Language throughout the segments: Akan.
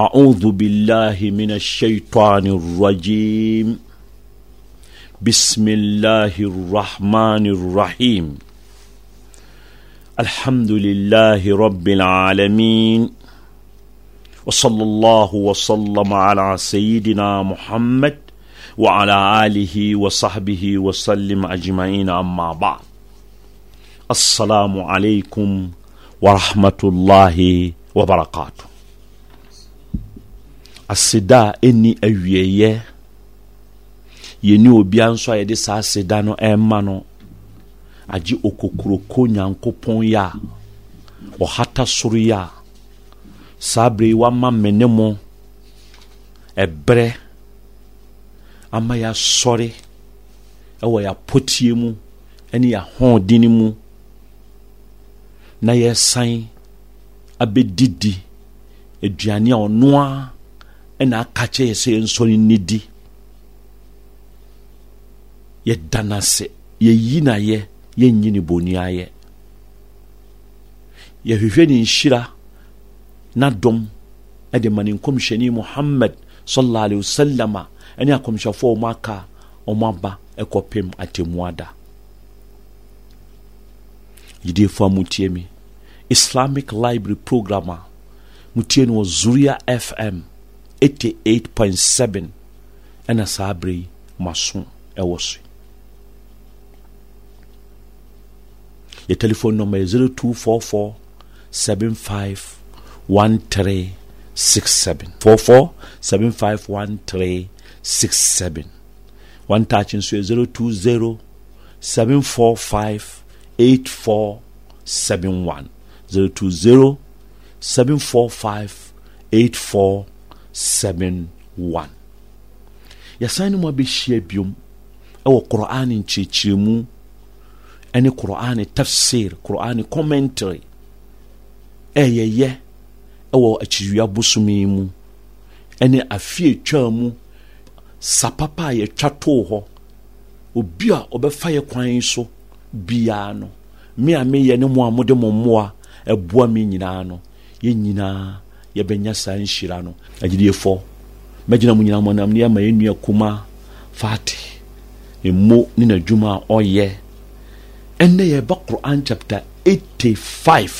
أعوذ بالله من الشيطان الرجيم بسم الله الرحمن الرحيم الحمد لله رب العالمين وصلى الله وسلم على سيدنا محمد وعلى آله وصحبه وسلم أجمعين أما بعد السلام عليكم ورحمة الله وبركاته aseda a ɛnni awieeɛ yɛni obia nso a yɛde saa aseda no ɛma no agye okokuroko nyankopɔn yɛ a ɔhata soro yɛ a saa bere yi wama me ne mo ɛberɛ ama yɛasɔre ɛwɔ yɛapɔtie mu ɛne yɛahoɔden mu na yɛsan abɛdidi aduane a ɔnoa ɛna aka kyɛ yɛ sɛ yɛnsɔre ne di yɛda no ase yɛyi no ayɛ yɛnyi ne bɔni ayɛ yɛhwehwɛ ne nhyira nadɔm ɛde ma ne nkɔmhyɛni mohammad sallallahu alaihi wasallam a ɛne akɔmhyɛfoɔ a ɔmo aka ɔmo aba ɛkɔpem atemmuada gyidiefo a mutie mi islamic library program a mutie no wɔ zuria fm 88.7 ɛna saa berɛ yi maso ɛwɔ so yɛ telephone number yɛ 0244 1367 one touch nso yɛ 020 745 020 745 7 1 yɛsan no mu abɛhyia biom ɛwɔ kor'ane nkyerɛkyerɛmu ɛne kor'ane tafsir kor'ane commentary ɛyɛyɛ ɛwɔ akyiwia bosom yi mu ɛne afie twaa mu sapapa a yɛtwa too hɔ obi a ɔbɛfa yɛ kwan so biara no me a meyɛ ne mo a mode mo mmoa ɛboa me nyinaa no yɛn nyinaa yɛbɛnya saa nhyira no agyidiefoɔ mɛgyina mu nyina mɔnam ne yɛma yɛnnua kuma fate mmo ne n'adwuma a ɔyɛ ɛnnɛ yɛba quran chapter 85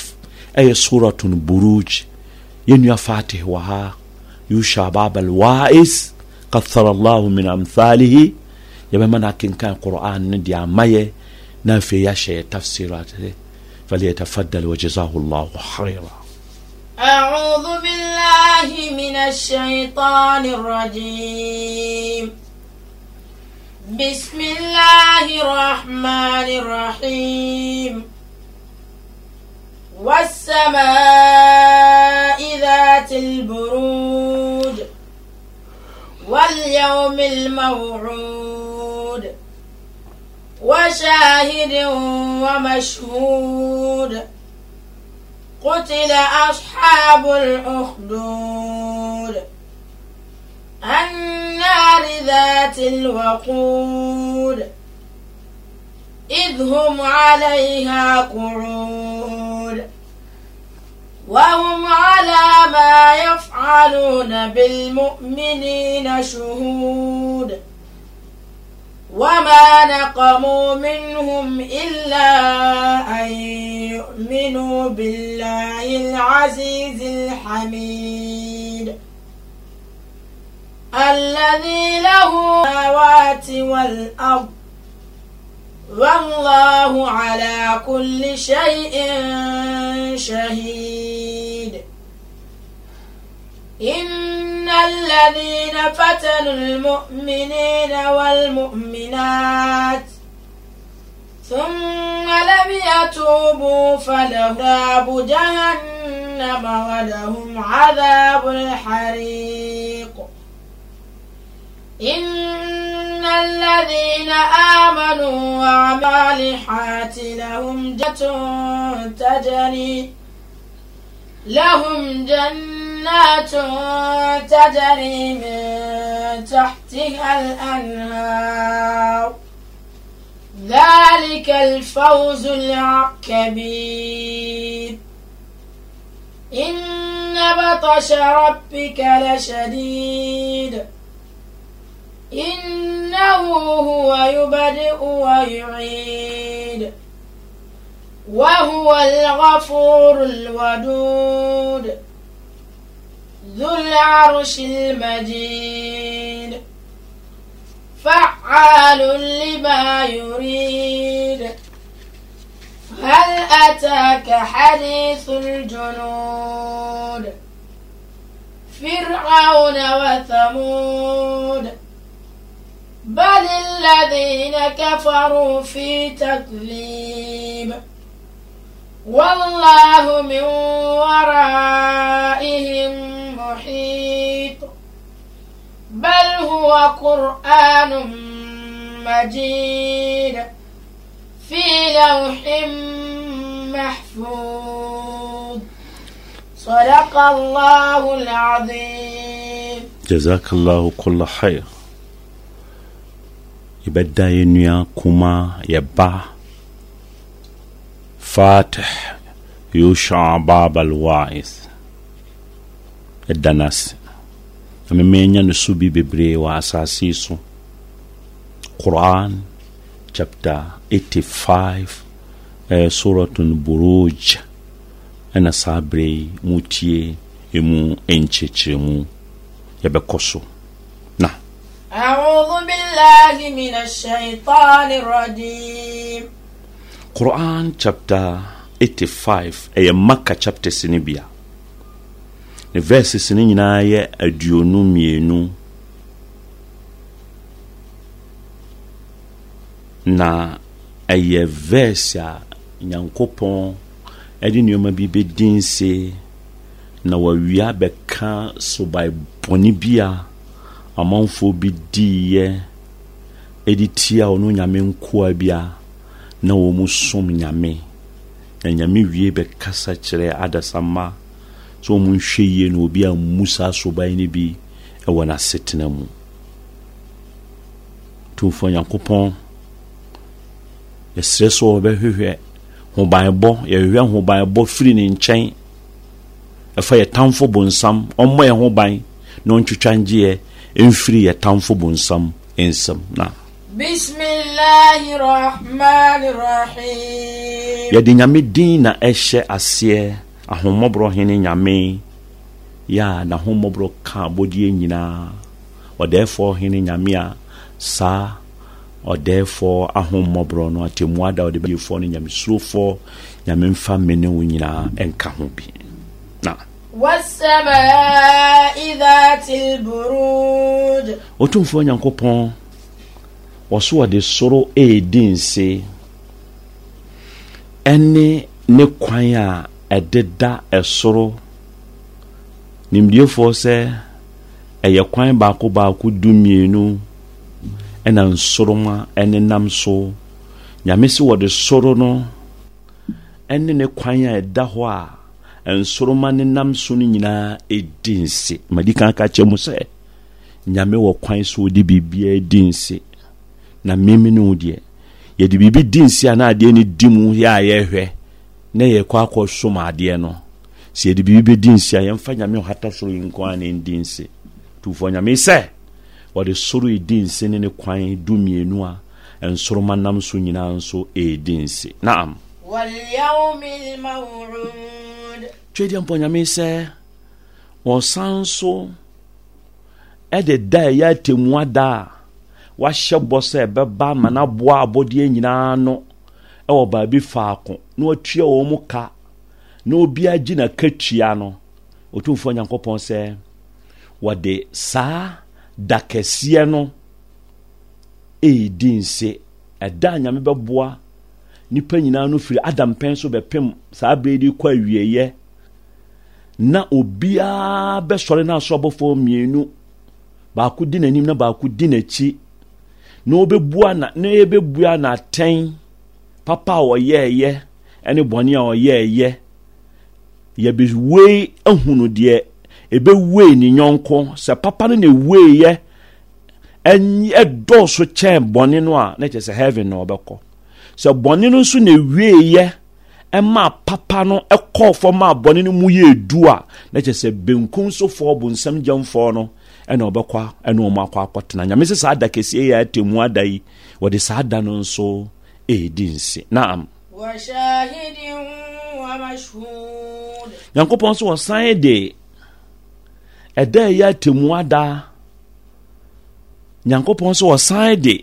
ɛyɛ suratun buruj yɛnnua fate wɔ ha yusha babal wa'is kathara allahu min amthalihi yɛbɛma no akenkan quran no de amayɛ na afei yɛahyɛ yɛ tafsirat falyatafaddal wajazahu llahu khaira أعوذ بالله من الشيطان الرجيم بسم الله الرحمن الرحيم والسماء ذات البروج واليوم الموعود وشاهد ومشهود قتل أصحاب الأخدود النار ذات الوقود إذ هم عليها قعود وهم على ما يفعلون بالمؤمنين شهود وما نقموا منهم إلا أن يؤمنوا بالله العزيز الحميد الذي له السماوات والأرض والله على كل شيء شهيد الذين فتنوا المؤمنين والمؤمنات ثم لم يتوبوا فلهم عذاب جهنم ولهم عذاب الحريق إن الذين آمنوا وعملوا الصالحات لهم جنة تجري لهم جنة جنات تجري من تحتها الأنهار ذلك الفوز الكبير إن بطش ربك لشديد إنه هو يبدئ ويعيد وهو الغفور الودود ذو العرش المجيد فعال لما يريد هل أتاك حديث الجنود فرعون وثمود بل الذين كفروا في تكذيب والله من ورائهم محيط بل هو قرآن مجيد في لوح محفوظ صدق الله العظيم جزاك الله كل خير يبدا ينيا كما يبا فاتح يوشع باب الواعث ɛda no ase na no so bi bebree wɔ asase so quran chapter 85 eh, suratun buruj ɛna saa berɛ yi motie ɛmu ɛnkyerɛkyerɛmu yɛbɛkɔ so na أعوذ بالله من الشيطان الرجيم chapter 85 أي مكة chapter سنبيا ne verses no nyinaa yɛ aduonu mmienu na ɛyɛ verse a nyankopɔn ɛde nneɛma bi bɛdi nse na wawia bɛka sobaebɔne bi a amanfoɔ bi diiɛ ɛde tia ɔno nyame nkoa bi a na wɔn mu som nyame na nyame wie bɛkasa kyerɛ adasamma sɛ ɔmu nhwɛ yie na obi a mu saa soban no bi ɛwɔ n'asetena mu tumfoɔ nyankopɔn yɛsrɛ sɛ wɔbɛhwehwɛ hobanbɔ yɛhwehwɛ hobanbɔ firi ne nkyɛn ɛfa yɛ tamfo bonsam ɔmmɔ yɛ ho ban na ɔntwitwa ngyeɛ ɛmfiri yɛ tamfo bonsam nsɛm na yɛde nyame din na ɛhyɛ aseɛ ahomɔborɔ hene nyame ya a n'ahomɔborɔ ka abɔdeɛ nyinaa ɔdɛɛfoɔ hene nyame a saa ɔdɛɛfoɔ ahommɔborɔ no atemmua da ɔde bɛyefoɔ no nyamesurofoɔ nyame mfa me ne wo nyinaa ɛnka ho bi na ɔtumfoɔ nyankopɔn ɔso ɔde soro ɛɛdi nse ɛne ne a ɛdeda ɛsoro nimdiefoɔ sɛ ɛyɛ kwan baako baako du mmienu ɛna nsoroma ɛnenam so nyame si wɔde soro no ɛne ne kwan a ɛda hɔ a nsoroma nenam so no nyinaa ɛdi nse madi kan ka kyɛ mu sɛ nyame wɔ kwan so ɔde biribiaa di nse na meme no deɛ yɛde biribi di nse a na adeɛ no di mu yɛ a na yɛkɔ akɔ som adeɛ no sɛ yɛde biribi bɛdi nsi a yɛmfa nyame ɔhata soro yi nko a na ɛndi nsi tufoɔ nyame sɛ wɔde soro yi di nsi ne ne kwan dumienu a nsoroma nam so nyinaa nso ɛɛdi nsi naam twɛdeɛ mpɔ nyame sɛ wɔsan so ɛde da ɛyɛ atemmu ada a wahyɛ bɔ sɛ ɛbɛba ama no aboa abɔdeɛ nyinaa no ɛwɔ baabi faako na watua wɔn mu ka na obiara gyi na katua no otumfoɔ nyankopɔn sɛ wɔde saa da kɛseɛ no ɛredi nse ɛda nyame bɛboa nipa nyinaa no firi adam pɛn so bɛpem saa berɛ de kɔ awieeɛ na obiara bɛsɔre no aso abɔfoɔ mmienu baako di n'anim na baako di n'akyi na wɔbɛbua na na yɛbɛbua n'atɛn papa a wɔyɛɛyɛ ne bɔne a ɔyɛɛyɛ yɛbɛwei ahunu deɛ ɛbɛwei ne nyɔnko sɛ papa no ne yɛ ɛdɔɔso kyɛn bɔne no a na kyɛ sɛ heaven na ɔbɛkɔ sɛ bɔne no nso ne weiɛ ɛma papa no ɛkɔɔ fam ma bɔne no mu yɛ du a na kyɛ sɛ benkum sofoɔ bonsam gyamfoɔ no ɛna ɔbɛkɔ ɛna ɔmo akɔ akɔtena nyame sɛ saa da kɛseɛ yɛ atemu ada yi wɔde saa da no nso ɛredi nse naam nyankopɔn nso wɔsan de ɛda ɛyɛ atemu ada nyankopɔn nso wɔsan de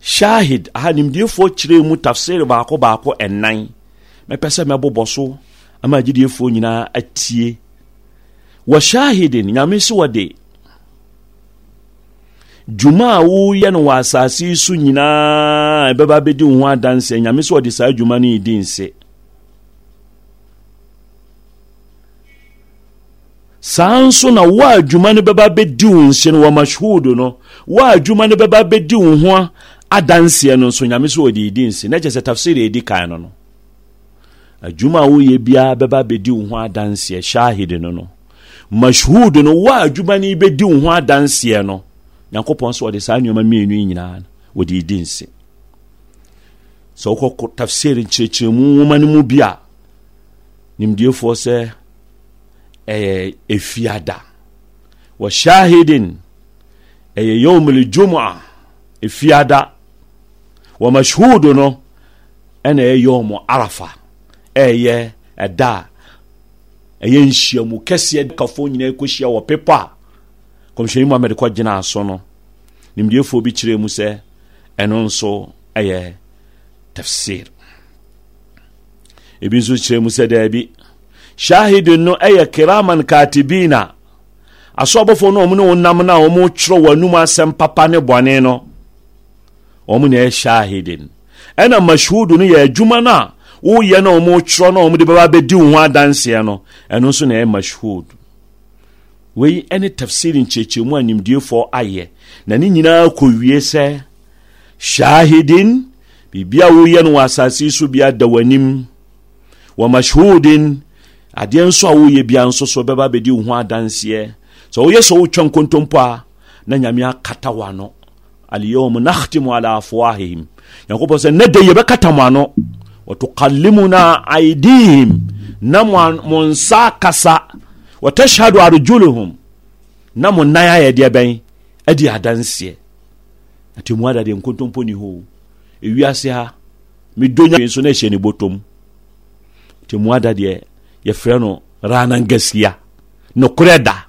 shahid aha nimdiefoɔ kyerɛ mu tafsir baako baako ɛnan mɛpɛ sɛ mɛbobɔ so ama agyidiefoɔ nyinaa atie wɔ shahidin nyame so wɔde Juma a woyɛ no wɔ asase so nyinaa ɛbɛba bɛdi wo ho adanseɛ nyame sɛ ɔde saa adwuma no yɛdi nse saa nso na wo adwuma no bɛba bɛdi wo nse no wɔ mashhudo no wo adwuma no bɛba bɛdi wo ho adanseɛ no nso nyame sɛ ɔde yɛdi nse na kyɛ sɛ tafsiri ɛdi kan no no adwuma a woyɛ biara bɛba bɛdi wo ho adanseɛ shahid no no mashhudo no wo adwuma no yi bɛdi wo ho adanseɛ no nyankopɔn sɛ ɔde saa nneɔma mmienu yi nyinaa no wɔde ɛdi nse sɛ wokɔ tafsir nkyerɛkyerɛmu nwoma no mu bi a nimdiefoɔ sɛ ɛyɛ efiada wɔ shahidin ɛyɛ yomul jum'a efiada wɔ mashhudu no ɛna ɛyɛ yom arafa ɛyɛ ɛda a ɛyɛ nhyiamu kɛseɛ kafoɔ nyinaa kɔhyia wɔ pepa a kɔmhyɛni mohamed kɔgyinaa so no nimdiefoɔ bi kyerɛɛ mu sɛ ɛno nso ɛyɛ tafsir ebi nso kyerɛ mu sɛ daabi shahidin no ɛyɛ kiraman katibina aso abɔfoɔ no ɔmo ne wo nam no a ɔmo twerɛ w'anum asɛm papa ne bɔne no ɔmo ne ɛyɛ shahidin ɛna mashhudu no yɛ adwuma no a woyɛ no a ɔmo twerɛ no a ɔmo de bɛba bɛdi wo ho adanseɛ no ɛno nso na ɛyɛ mashhudu wei ɛne tafsiri nkyerɛkyerɛmu a nimdiefoɔ ayɛ na ne nyinaa kɔwie sɛ shahidin biribia woyɛ no wɔ asase so bia da w'anim wɔ mashhudin adeɛ nso a woyɛ bia nso so bɛba bɛdi wo ho adanseɛ sɛ woyɛ sɛ wotwa nkontompo a na nyame akata wo ano alyawm nakhtimu ala afwahihim nyankopɔn sɛ nɛ dɛ yɛbɛkata mo ano watukalimuna aidihim na mo nsa kasa wɔtashhadu arjuluhum na mo nan ayɛ deɛ bɛn adi adanseɛ atemu adadeɛ nkontompo ni hoo ewiase ha medonya nso na ɛhyɛ ne bɔtɔm atemu adadeɛ yɛfrɛ no rana ngasia nokorɛ da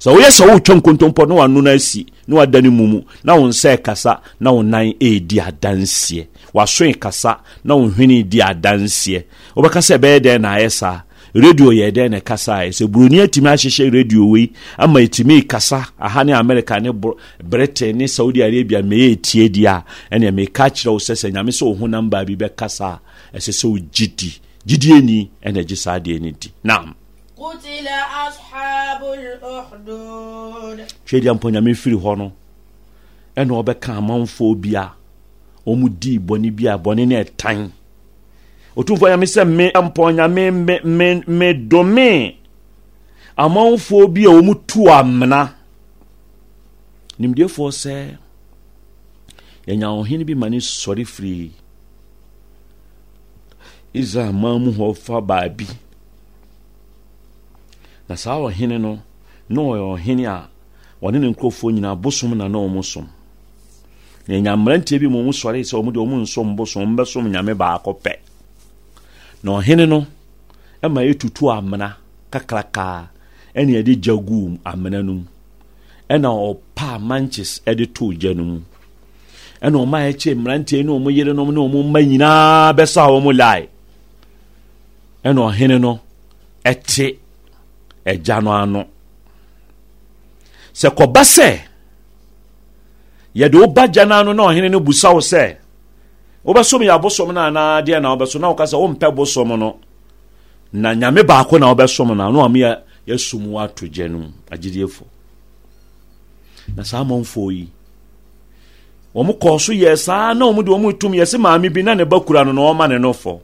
sɛ woyɛ sɛ woretwa nkontompo na wano no asi na wada no mu mu na wo nsa kasa na wo nan ɛredi adanseɛ wasoe kasa na wo hwene di adanseɛ wobɛka sɛ ɛbɛyɛ dɛn na ayɛ saa redio yɛ dɛn na ɛkasaeɛ sɛ buroni atumi ahyehyɛ radio wei ama ɛtumi kasa aha ne amerika ne britain ne saudi arabia meyɛ ɛtie di a ɛneɛ meka kyerɛ wo sɛ sɛ nyame sɛ wo ho nambaa bi bɛkasa a ɛsɛ sɛ wo gyidi gyidieni ɛna gye saa deɛ no di nam hwɛ dia mpo nyame firi hɔ no ɛna ɔbɛka amanfoɔ bi a ɔmu di bɔne bi a bɔne no ɛtan otu nyame sɛ me mpɔ nyame medome amanfoɔ bi a wɔ mu tu amena sɛ bi ma ne sɔre firi israel man mu hɔ fa baabi na saa ɔhene no na ɔyɛ ɔhene a ɔne ne nkurɔfoɔ na na ɔmo som na yɛnya mmeranteɛ bi ma ɔmo sɔre sɛ ɔmo deɛ ɔmo nsom bosom ɔmo bɛsom baako pɛ na ɔhene no ma yɛtutu amena kakrakaa ɛne yɛde gya guu amena no mu ɛna ɔpaa manches de too gya no mu ɛna ɔma yɛkye mmeranteɛ ne ɔmo yerenom ne ɔmo mma nyinaa bɛsɔ a wɔn lae ɛna ɔhene no ɛte ɛgya no ano sɛ kɔba sɛ yɛde wo ba gya no ano na ɔhene no busa wo sɛ wobɛsom yɛ abosom no anaa deɛ na wobɛso na woka sɛ wompɛ bosom no na nyame baako na wobɛsom no ano ame yɛsom wo ato gya no mu na saa amanfoɔ yi wɔn kɔɔ so yɛ saa na wɔn de wɔn tum yɛ maame bi na ne ba kura no na wɔma ne nofo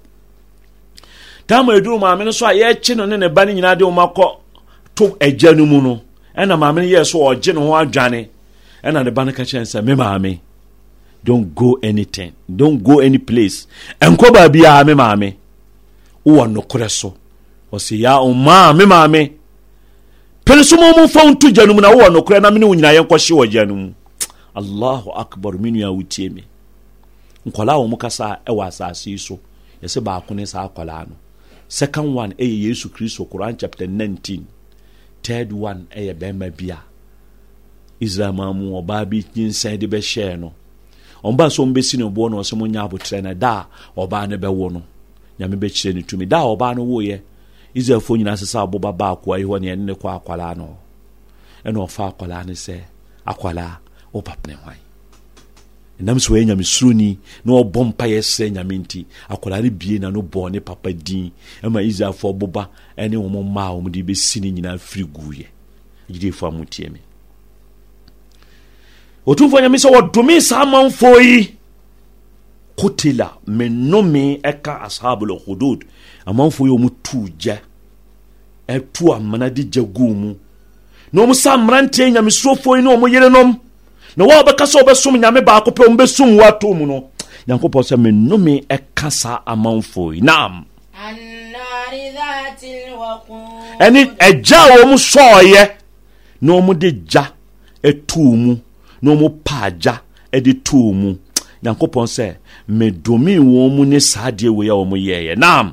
taama eduru maame no so a yɛkye no ne ne ba no nyinaa de wɔn akɔ to agya no mu no ɛna maame no yɛ so ɔgye ne ho adwane ɛna ne ba no ka kyerɛ sɛ me maame don't go anything don't go any place nkɔ baabi a me maame wowɔ nokorɛ so ɔsɛ ya ɔmaa me maame pene so ma momfa nto gya no mu na wowɔ nokorɛ na mene wo nyinaa yɛnkɔhye wɔ gya no mu allahu akbar me nua wotie me nkɔlaa wɔ mu kasa ɛwɔ asase yi so yɛsɛ baako ne saa akɔlaa ano. second one ɛyɛ yesu kristo quran chapter nineteen. third one ɛyɛ bɛrima bi a israel ma mu ɔbaa bi nyinsɛn de bɛhyɛɛ no ɔmba sɛ ɔmbɛsi ne boɔ no ɔsɛ monya abotrɛ no da a ɔbaa no bɛwo no nyame bɛkyerɛ no tumi da a ɔbaa no woeɛ israelfoɔ nyinaa sɛ sɛ aboba ba akoa yi hɔ ne ɛne ne kɔ akwalaa no ɛne ɔfa akwalaa no sɛ akwalaa wopapene hwan nam sɛ wɔyɛ nyame suroni na ɔbɔ mpa yɛsrɛ nyame nti akwalaa no bie na no bɔɔ ne papa din ma israelfoɔ boba ɛne wɔn mmaa wɔn de bɛsi ne nyinaa firi guuɛ gyidifoɔ a motie me ɔtumfoɔ nyame sɛ wɔdome saa manfoɔ yi kotila menome ɛka ashabul hudud amanfoɔ yi ɔmu tu gya ɛtu amana de gya guu mu na ɔmu sa mmeranteɛ nyamesurofoɔ yi ne ɔmu yerenom na wa a wɔbɛka sɛ wɔbɛsom nyame baako pɛ ɔmu bɛsum ato mu no nyankopɔn sɛ menome ɛka saa amanfoɔ yi nam ɛne ɛgya a ɔmu sɔɔyɛ na ɔmu de gya ɛtuu mu na wɔn pa agya de too mu nyankopɔn sɛ medome wɔn mu ne saa deɛ wei a wɔn yɛɛyɛ naam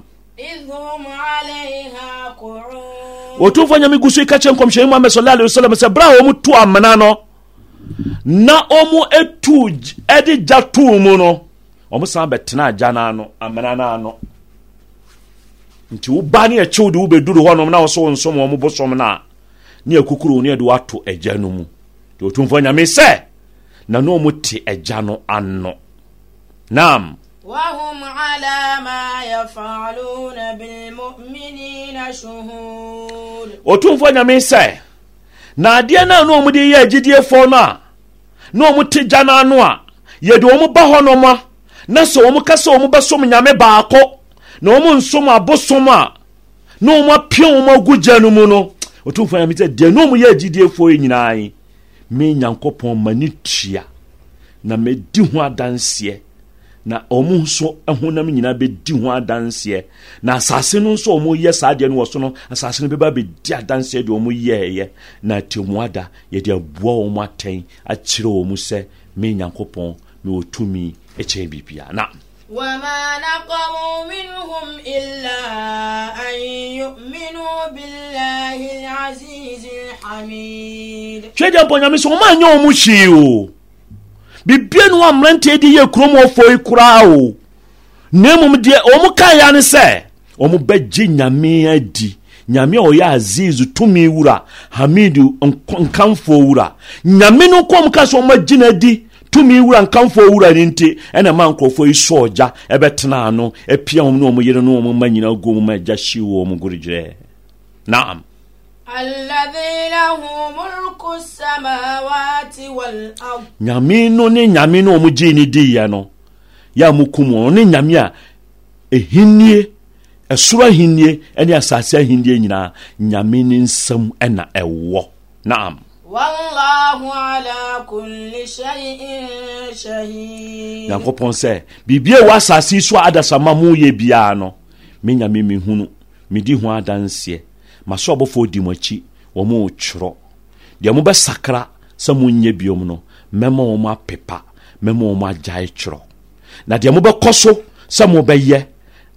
wɔtumfoɔ nyame gu so ka kyɛ nkɔmhyɛni muhammad sala alei wasalam sɛ berɛ a wɔmu to amena no na ɔmu ɛtu ɛde gya too mu no ɔmo san bɛtena agya no ano amena no ano nti woba ne ɛkyew de wobɛduru hɔnom na wo so wo nsom wɔ bosom no a ne akukuro ne ɛde woato agya no mu deɛ ɔtumfoɔ nyame sɛ na na ɔmo te agya no ano nam وهم على ما يفعلون بالمؤمنين شهود ɔtumfoɔ nyame sɛ na adeɛ no a na ɔmo de yɛ agyidiefoɔ no a na ɔmo te gya no ano a yɛde ɔmo ba hɔ nom a na sɛ ɔmo ka sɛ ɔmo bɛsom nyame baako na ɔmo nsom abosom a na ɔmo apia ɔmo agu gya no mu no ɔtumfoɔ nyame sɛ deɛ na ɔmo yɛ agyidiefoɔ yi nyinaa yi me nyankopɔn m'ani tua na madi ho adanseɛ na ɔmo nso honam nyinaa bɛdi ho adanseɛ na asase no nso ɔmo yɛ saa deɛ no wɔ so no asase no bɛba bɛdi adanseɛ deɛ ɔmo yɛɛyɛ na atemmuada yɛde aboa ɔmo atɛn akyerɛ ɔ sɛ me nyankopɔn mewɔ tumi kyɛn biribia na وما نقموا منهم إلا أن يؤمنوا بالله العزيز الحميد hwɛdeɛ mpɔ nyame sɛ ɔma nyɛ ɔ mu hyee o bibia no ammeranteɛ de yɛ kurom ɔfɔ yi koraa o na mmom deɛ ɔmo kaeɛ ne sɛ ɔmo bɛgye nyame adi nyame a ɔyɛ aziz tumi wura hamid nkamfoɔ wura nyame no kɔm ka sɛ ɔmo agye no adi tumi wura nkamfo wura no nti ɛna ma nkurɔfoɔ yi sɔ ɔgya ɛbɛtena ano apia wɔm ne ɔm yere ne ɔm ma nyina gu mu ma agya hyi wɔ mu gore naam الذي nyame no ne nyame no ɔmo gyee ne diiɛ no yɛ a mokum ɔno ne nyame a ɛhinnie ɛsoro ahinnie ne asase ahinnie nyinaa nyame ne nsɛm ɛna ɛwɔ naam nyankopɔn sɛ biribia wɔ asase so a adasama moyɛ biara no menyame mehunu medi ho adanseɛ maso abɔfoɔ di mo akyi wɔ mo twerɔ deɛ mobɛsakra sɛ monyɛ biom no mɛma wɔ mo apepa mɛma wɔ mo agyae twerɔ na deɛ mobɛkɔ so sɛ mobɛyɛ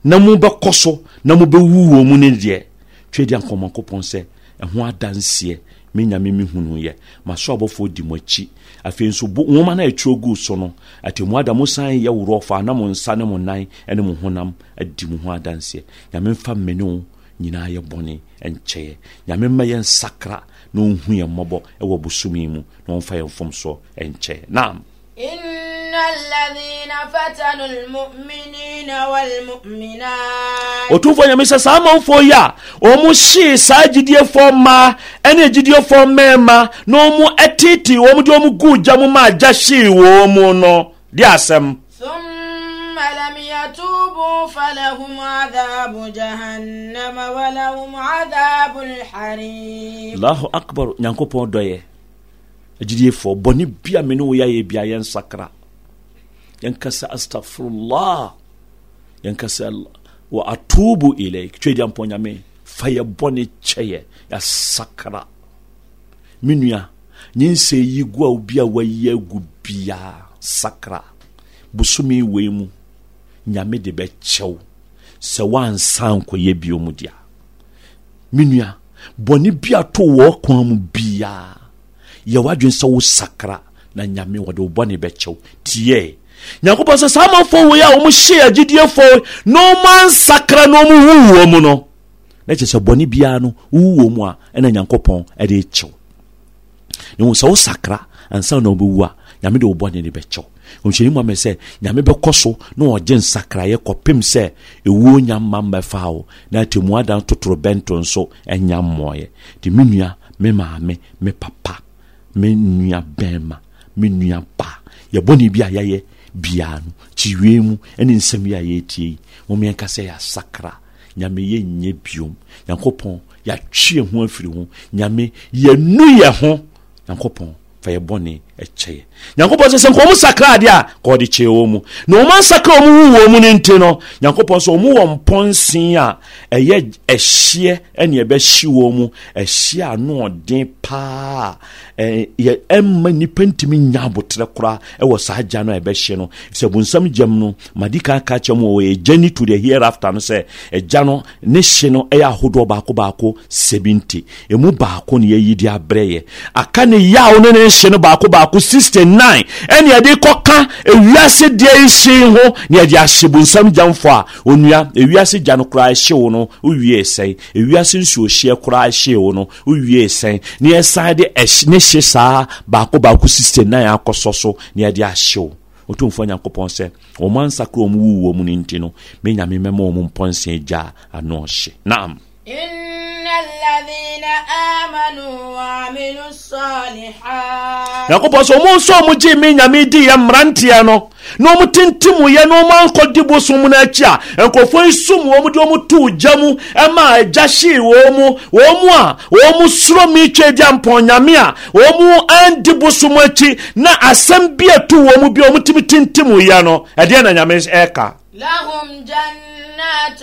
na mobɛkɔ so na mobɛwu wɔ mu no deɛ twɛ di ankɔmankopɔn sɛ ɛho adanseɛ me nyame hunu yɛ maso abɔfoɔ di mo akyi afei nso nwoma no a ɛtwerɛ guu so no atemmuada mo san yɛ worɔ fa na mo nsa ne mo nan ne mo honam adi mo ho adanseɛ nyame mfa mmene wo nyinaa yɛ bɔne nkyɛeɛ nyame mma yɛ nsakra na ɔnhu yɛn mmɔbɔ ɛwɔ bosom yi mu na ɔmfa yɛn mfom soɔ nkyɛeɛ naam ɔtumfoɔ nyame sɛ saa amanfoɔ yi a ɔmo hyee saa agyidiefoɔ mmaa ɛne agyidiefoɔ mmarima na ɔmo ɛtetee wɔm de ɔmo guu gya mu ma agya hyee wɔ mu no de asɛm يتوبوا فلهم عذاب جهنم ولهم عذاب الحريق الله أكبر نانكو بون دوية أجدي فو بني بيا منو يا يبيا ينسكرا yankasa astafirullah yankasa wa atubu ilaik twɛdi ampɔ nyame fa yɛ bɔne kyɛyɛ yɛasakra me nua nyɛ yi gu a wobia wayi agu biaa sakra bosome wei mu nyame de bɛkyɛw sɛ woansan nkɔyɛ bio mu dea me nua bɔne bi ato wɔ kwan mu biaa yɛw'adwene sɛ wo sakra na nyame wɔde wo bɔne bɛkyɛw tiɛ nyankopɔn sɛ saa amafoɔ wei a ɔmhyee agyidiefoɔ na ɔma nsakra na ɔmwuwu wɔ mu no na kyerɛ sɛ bɔne biara no wowu wɔ mu a ɛna nyankopɔn ɛde kyew na hu sɛ wo sakra ansa na wobɛwu a nyame de wo bɔne de bɛkyɛw ɔmhyɛni mu amɛ sɛ nyame bɛkɔ so na ɔgye nsakrayɛ kɔpem sɛ ɛwuo nya mma mmɛfa wo na atemmu adan totorobɛnto nso ɛnya mmɔɔyɛ nti me nua me maame me papa me nua bɛrima me nua ba yɛbɔne bi a yɛyɛ biara no kyiwie mu ne nsɛm yi a yɛretie yi momeɛnka sɛ yɛasakra nyame yɛnyɛ biom nyankopɔn yɛatwe yɛn ho afiri ho nyame yɛnu yɛ ho nyankopɔn fa yɛbɔne ɛkyɛeɛ nyankopɔn sɛ sɛ nka ɔmu sakra adeɛ a ka ɔde kyɛɛ wɔ mu na ɔma nsakra ɔmu wu wɔ mu no nti no nyankopɔn sɛ ɔmu wɔ mpɔnsen a ɛyɛ ɛhyeɛ ɛne ɛbɛhye wɔ mu ɛhyeɛ a no ɔden paa ɛma nnipa ntumi nya abotrɛ koraa ɛwɔ saa gya no a ɛbɛhye no sɛ bunsam gyam no madi kan ka kyɛ mu wɔ ɛgyani to the hereafter no sɛ ɛgya no ne hye no ɛyɛ ahodoɔ baako baako sɛbi nti ɛmu baako ne yɛyi de abrɛ yɛ aka ne yaw ne ne hye no baako baako baako 69 ɛne yɛde kɔka ewiase deɛ ɛhyɛ ho ne yɛde ahyɛ bonsam gyamfo a onua ewiase gya no koraa ɛhyɛ wo no wowie sɛn ewiase nsuo hyeɛ koraa ɛhyɛ wo no wowie sɛn ne yɛsan de ɛhye ne hye saa baako baako 69 akɔsɔ so ne yɛde ahyɛ wo ɔtumfoɔ nyankopɔn sɛ ɔma nsakra ɔm wuwɔ mu no nti no mɛnyame mɛma ɔ mu gya ano naam nyankopɔn sɛ ɔmo nsɛ ɔmo gyee me nyame diiɛ mmeranteɛ no na ɔmo tentemuyɛ na ɔmo ankɔ di bosom mu no akyi a nkurɔfo nsom wɔ mo de ɔmo too gya mu ɛma agya hyee wɔ mo wɔ mo a wɔ mo soro me twa adi ampɔn nyame a wɔ mo andi bosom akyi na asɛm bi a to wɔ mo bi a ɔmo tumi tentemuyɛ no ɛdeɛ na nyame ɛka لهم جنات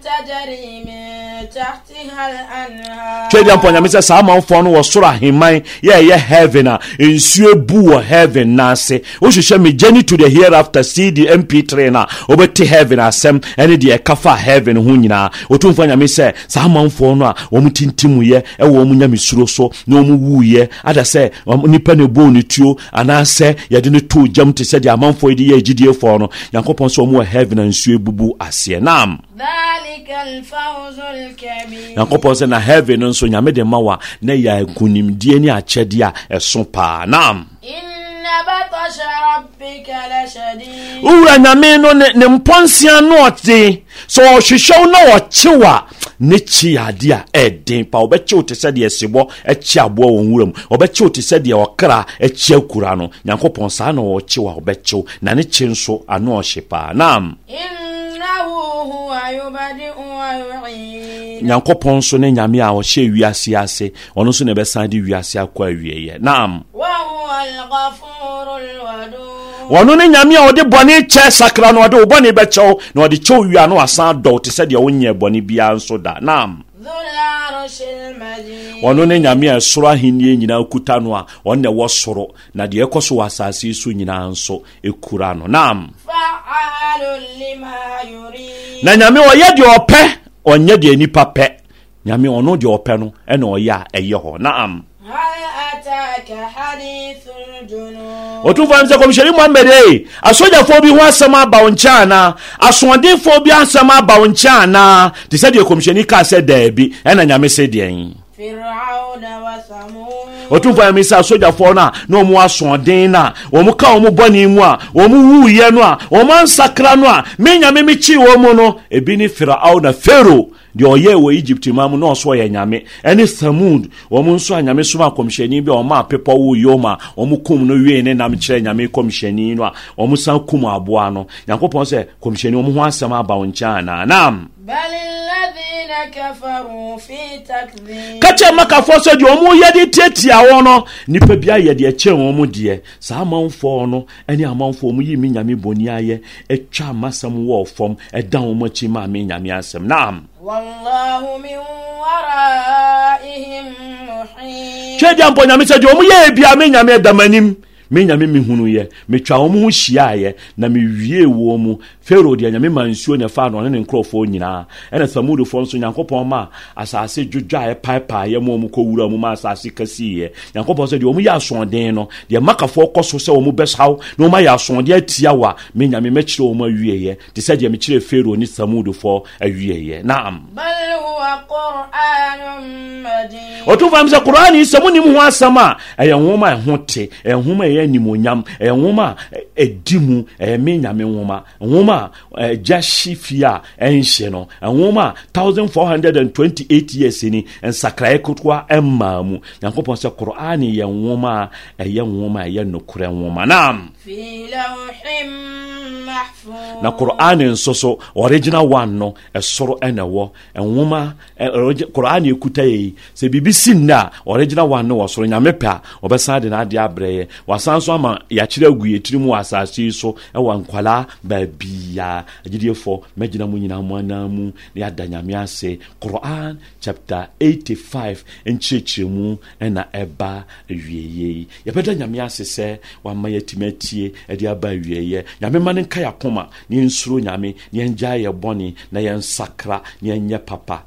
تجري من تحتها الأنهار twɛdi ampɔ nyame sɛ saa amanfoɔ no wɔ soro aheman yɛ ɛyɛ heaven a nsuo bu wɔ heaven n'ase wohwehwɛ me journey to the hereafter cd ah. ah, ah. mp3 e, no a wobɛte heaven asɛm ɛne deɛ ɛkafa heaven ho nyinaa ɔtumfoɔ nyame sɛ saa amanfoɔ no a wɔm tintimuyɛ ɛwɔ ɔm nyamesuro so na ɔm wuyɛ ada sɛ nnipa ne ɛbɔɔ ne tuo anaasɛ yɛde no too gyam te sɛdeɛ amanfoɔ yɛde yɛ agyidiefoɔ no nyankopɔn sɛ ɔm wɔ heaven and nsuo bubu aseɛ naam nyankopɔn sɛ na heaven no nso nyame de ma wa na yɛ nkonimdie ne akyɛdeɛ a ɛso paa naam wowura nyame no ne mpɔnsia no ɔte sɛ ɔhwehwɛw na ɔkyew a ne kyi ade a ɛden pa wɔbɛkyew te sɛdeɛ sebɔ akyi aboa wɔ nwura mu wɔbɛkyew te sɛdeɛ ɔkra akyi akura no nyankopɔn saa na ɔkyew a wɔbɛkyew na ne kyi nso ano ɔhye paa nam nyankopɔn nso ne nyame a ɔhyɛ wiase ase ɔno nso na ɛbɛsan de wiase akɔ awieɛ naam ɔno ne nyame a ɔde bɔne kyɛ sakra no ɔde wo bɔne bɛkyɛw na ɔde kyɛw wie a na wasan dɔw te sɛdeɛ wonyɛ bɔne biara nso da naam ɔno ne nyame a ɛsoro ahenniɛ nyinaa kuta no a ɔne ɛwɔ soro na deɛ ɛkɔ so wɔ asase yi so nyinaa nso ɛkura no naam na nyame ɔyɛ deɛ ɔpɛ ɔnyɛ deɛ nipa pɛ nyame ɔno deɛ ɔpɛ no ɛna ɔyɛ a ɛyɛ hɔ naam ɔtumfo am sɛ kɔmhyɛni mohammed e asogyafoɔ bi ho asɛm aba wo nkyɛ anaa asoɔdenfoɔ bi asɛm aba wo nkyɛ anaa te sɛ deɛ kɔmhyɛni kaa sɛ daabi ɛna nyame se deɛn ɔtumfo nyame sɛ asogyafoɔ no a na ɔmo asoɔden no a ɔmo ka ɔmo bɔne mu a ɔmo wuyɛ no a ɔmo ansakra no a me nyame mekyee wɔ mu no ebi ne firao na fero deɛ ɔyɛɛ wɔ egypt ma mu na ɔso ɔyɛ nyame ɛne thamud ɔmo nso a nyame soma kɔmhyɛni bi a ɔma pepɔ wo yom a ɔmo kum no wiei ne nam kyerɛ nyame kɔmhyɛni no a ɔmo san kum aboa no nyankopɔn sɛ kɔmhyɛni ɔmo ho asɛm aba wo nkyɛn anaa naam ka kyɛ makafoɔ sɛ deɛ ɔmo yɛ de tiatia wɔ no nipa bi ayɛ deɛ kyɛ wɔn mo deɛ saa amanfoɔ no ɛne amanfoɔ mo yi mi nyame bɔni ayɛ atwa amasɛm wɔ fam ɛda wɔn akyi ma mi nyame asɛm naam. mi wara ihim muhin. twɛ di ampɔ nyame sɛ deɛ ɔmo yɛ ebi a mi nyame ɛdam mi nyame mi hunu yɛ na mi wie wɔn pharaoh deɛ nyame ma nsuo ne ɛfa no ɔne ne nkurɔfoɔ nyinaa ɛna samudofoɔ nso nyankopɔn ma asase dwodwa a ɛpaepaeɛ ma ɔmu kɔwura mu ma asase kasiiɛ nyankopɔn sɛ deɛ ɔmu yɛ asoɔden no deɛ makafoɔ kɔ so sɛ ɔmu bɛsaw na ɔmu ayɛ asoɔden atia wa me nyame mɛkyerɛ ɔmu awieɛ te sɛ deɛ mekyerɛ pharaoh ne samudofoɔ awieɛ naam ɔtumfa m sɛ koraa ne sɛ monim ho asɛm a ɛyɛ nwoma a ɛho te ɛyɛ nwoma a ɛyɛ animonyam ɛyɛ nwoma ɛdi mu ɛyɛ me nyame nwoma nwoma a ɛgya hye fie a ɛnhye no ɛnwoma a eight years ni nsakraeɛ ketewa ɛmmaa mu nyankopɔn sɛ korane yɛ nwoma a ɛyɛ nwoma a ɛyɛ nokorɛ nwoma nam na korane nso so original one no ɛsoro ɛna ɛwɔ nwoma korane ɛkuta yɛyi sɛ biribi si nna a original one no wɔ soro nyame pɛ a ɔbɛsan de n'adeɛ abrɛ yɛ wasan so ama yɛakyerɛ agu yɛtiri mu wɔ asase yi so ɛwɔ nkwalaa baabii ya agyidiefo mɛgyina mu nyinaa mu anan mu na yɛada nyame ase quran chapter 85 nkyerɛkyerɛmu ɛna ɛba awieyɛ yi yɛbɛda nyame ase sɛ wama yɛatumi atie ɛde aba awieyɛ nyame ma no nka yɛakoma na yɛnsuro nyame na yɛngyae yɛ bɔne na yɛnsakra na yɛnyɛ papa